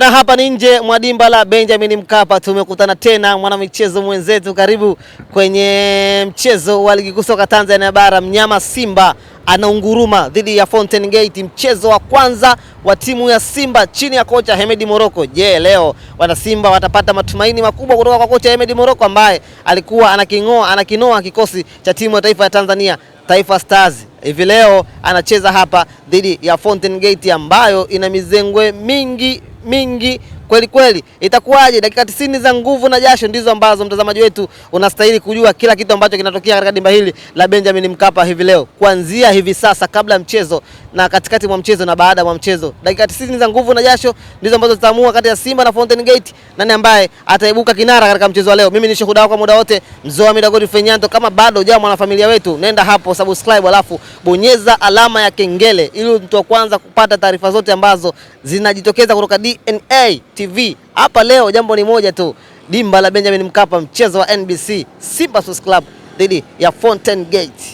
Na hapa ni nje mwa dimba la Benjamin Mkapa, tumekutana tena mwanamichezo mwenzetu. Karibu kwenye mchezo wa ligi kuu soka Tanzania bara. Mnyama Simba anaunguruma dhidi ya Fountain Gate, mchezo wa kwanza wa timu ya Simba chini ya kocha Hemedi Moroko. Je, yeah, leo wana Simba watapata matumaini makubwa kutoka kwa kocha Hemedi Moroko ambaye alikuwa anaking'oa anakinoa kikosi cha timu ya taifa ya Tanzania Taifa Stars hivi leo anacheza hapa dhidi ya Fountain Gate ambayo ina mizengwe mingi mingi kweli kweli, itakuwaje? Dakika 90 za nguvu na jasho ndizo ambazo mtazamaji wetu unastahili kujua kila kitu ambacho kinatokea katika dimba hili la Benjamin Mkapa hivi leo, kuanzia hivi sasa, kabla ya mchezo na katikati mwa mchezo na baada mwa mchezo. Dakika 90 za nguvu na jasho ndizo ambazo zitaamua kati ya Simba na Fountain Gate, nani ambaye ataibuka kinara katika mchezo wa leo. Mimi ni shuhuda wako kwa muda wote, Mzoa mida Godi Fenyanto. Kama bado hujawa mwanafamilia wetu, nenda hapo subscribe, alafu bonyeza alama ya kengele ili mtu wa kwanza kupata taarifa zote ambazo zinajitokeza kutoka DNA TV. Hapa leo jambo ni moja tu, dimba la Benjamin Mkapa, mchezo wa NBC Simba Sports Club dhidi ya Fountain Gate.